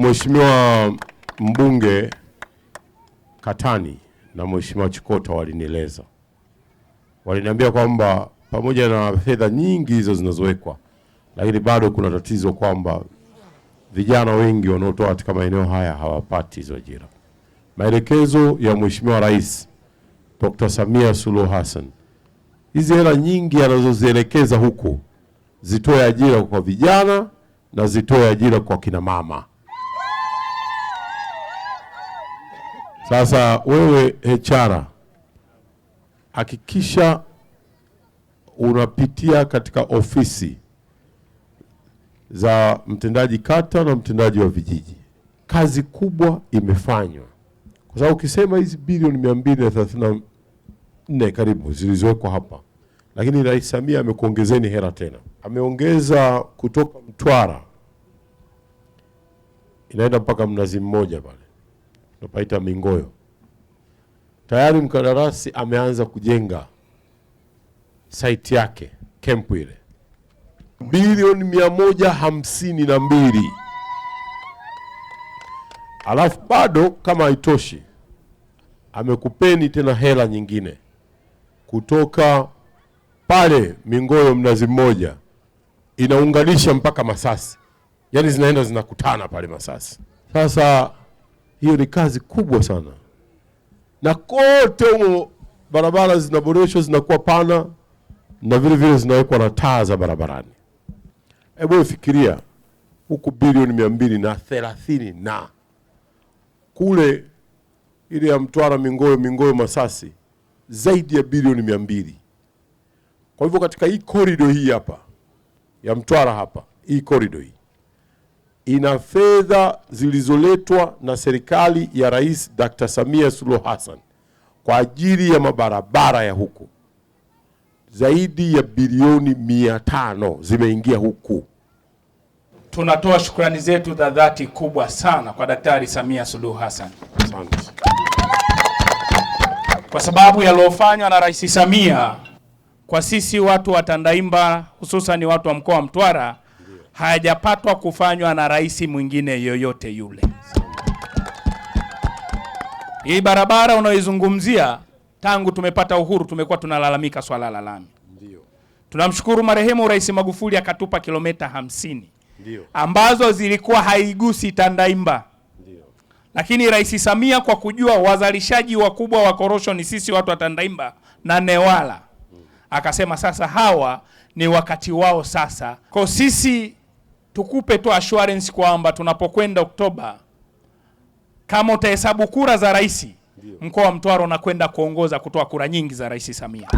Mheshimiwa mbunge Katani na Mheshimiwa Chikota walinieleza, waliniambia kwamba pamoja na fedha nyingi hizo zinazowekwa, lakini bado kuna tatizo kwamba vijana wengi wanaotoa katika maeneo haya hawapati hizo ajira. Maelekezo ya Mheshimiwa Rais Dr. Samia Suluhu Hassan, hizi hela nyingi anazozielekeza huku zitoe ajira kwa vijana na zitoe ajira kwa kina mama. Sasa wewe HR, hakikisha unapitia katika ofisi za mtendaji kata na mtendaji wa vijiji. Kazi kubwa imefanywa, kwa sababu ukisema hizi bilioni mia mbili na thelathini na nne karibu zilizowekwa hapa, lakini Rais Samia amekuongezeni hera tena, ameongeza kutoka Mtwara inaenda mpaka Mnazi Mmoja pale napaita Mingoyo. Tayari mkandarasi ameanza kujenga saiti yake kempu ile bilioni mia moja hamsini na mbili. Alafu bado kama haitoshi, amekupeni tena hela nyingine kutoka pale Mingoyo Mnazi Mmoja, inaunganisha mpaka Masasi, yaani zinaenda zinakutana pale Masasi. Sasa hiyo ni kazi kubwa sana, na kote humo barabara zinaboreshwa, zinakuwa pana na vile vile zinawekwa na taa za barabarani. Hebu fikiria huku bilioni mia mbili na thelathini na kule ile ya Mtwara Mingoyo, Mingoyo Masasi zaidi ya bilioni mia mbili. Kwa hivyo katika hii korido hii hapa ya Mtwara hapa hii korido hii ina fedha zilizoletwa na serikali ya Rais Dr. Samia Suluhu Hassan kwa ajili ya mabarabara ya huku, zaidi ya bilioni mia tano zimeingia huku. Tunatoa shukrani zetu za dhati kubwa sana kwa Daktari Samia Suluhu Hassan kwa sababu yaliyofanywa na Rais Samia kwa sisi watu wa Tandaimba, hususan ni watu wa mkoa wa Mtwara hayajapatwa kufanywa na rais mwingine yoyote yule. Hii barabara unaoizungumzia, tangu tumepata uhuru tumekuwa tunalalamika swala la lami. Ndio. Tunamshukuru marehemu Rais Magufuli akatupa kilomita hamsini. Ndio. ambazo zilikuwa haigusi Tandaimba. Ndio. Lakini Rais Samia kwa kujua wazalishaji wakubwa wa korosho ni sisi watu wa Tandaimba na Newala, mm. akasema sasa hawa ni wakati wao sasa. Kwa sisi tukupe tu assurance kwamba tunapokwenda Oktoba, kama utahesabu kura za rais, mkoa wa Mtwara unakwenda kuongoza kutoa kura nyingi za Rais Samia.